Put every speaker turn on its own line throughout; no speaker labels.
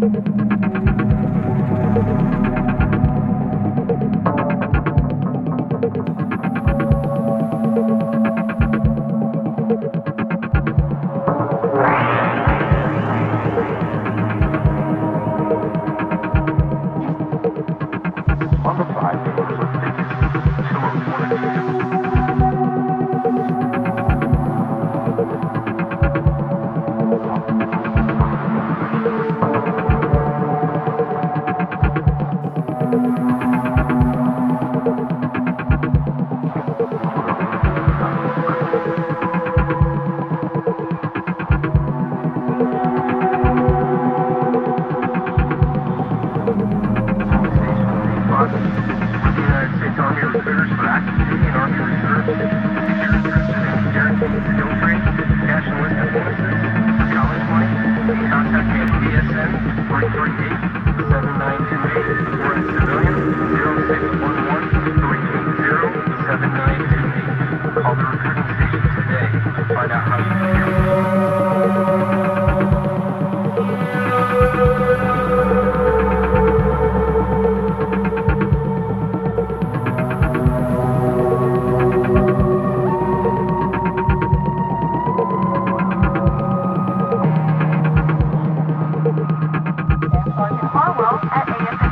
Thank you.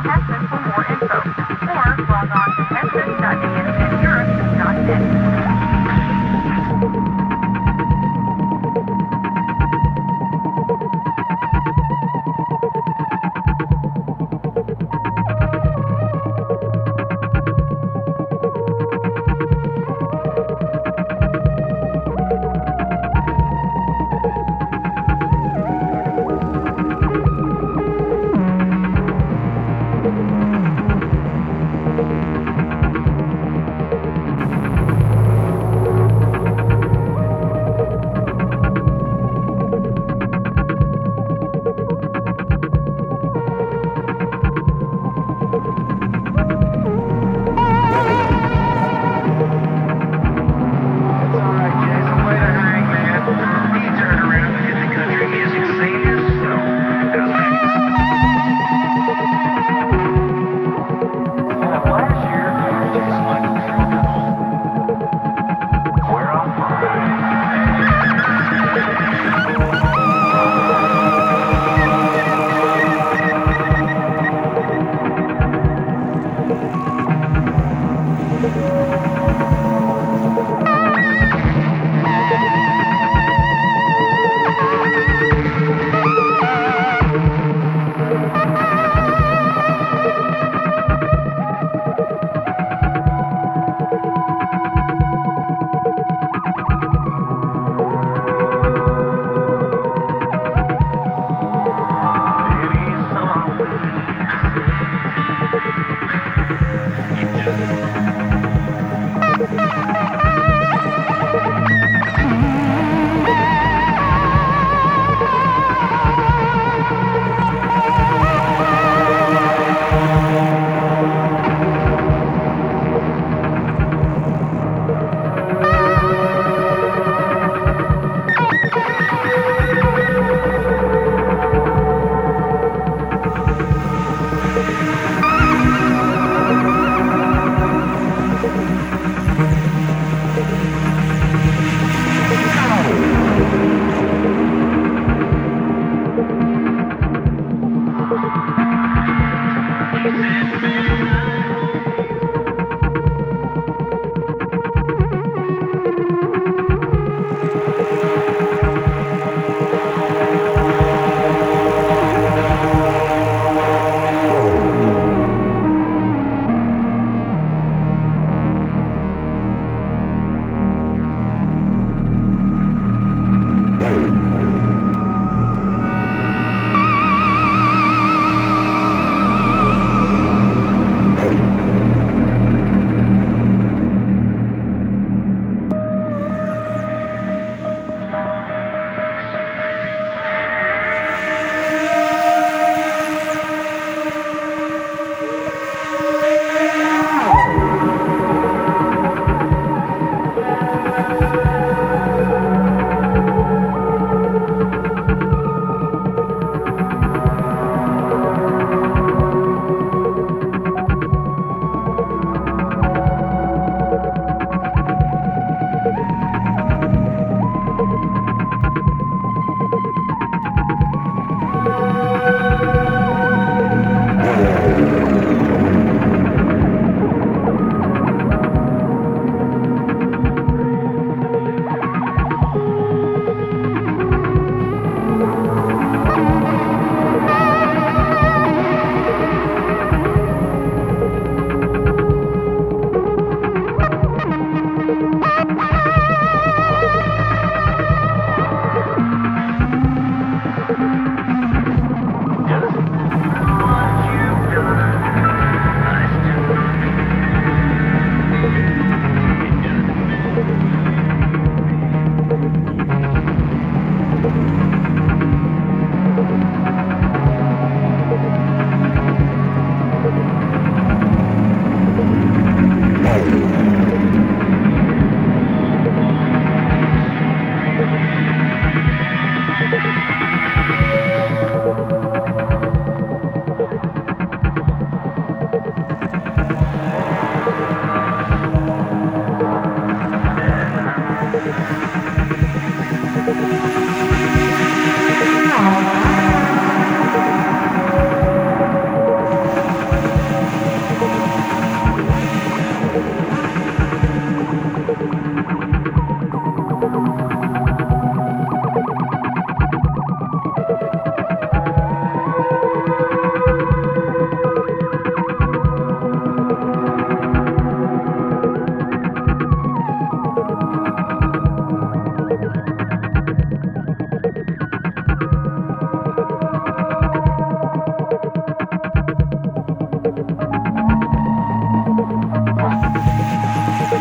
happened for me.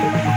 Thank you.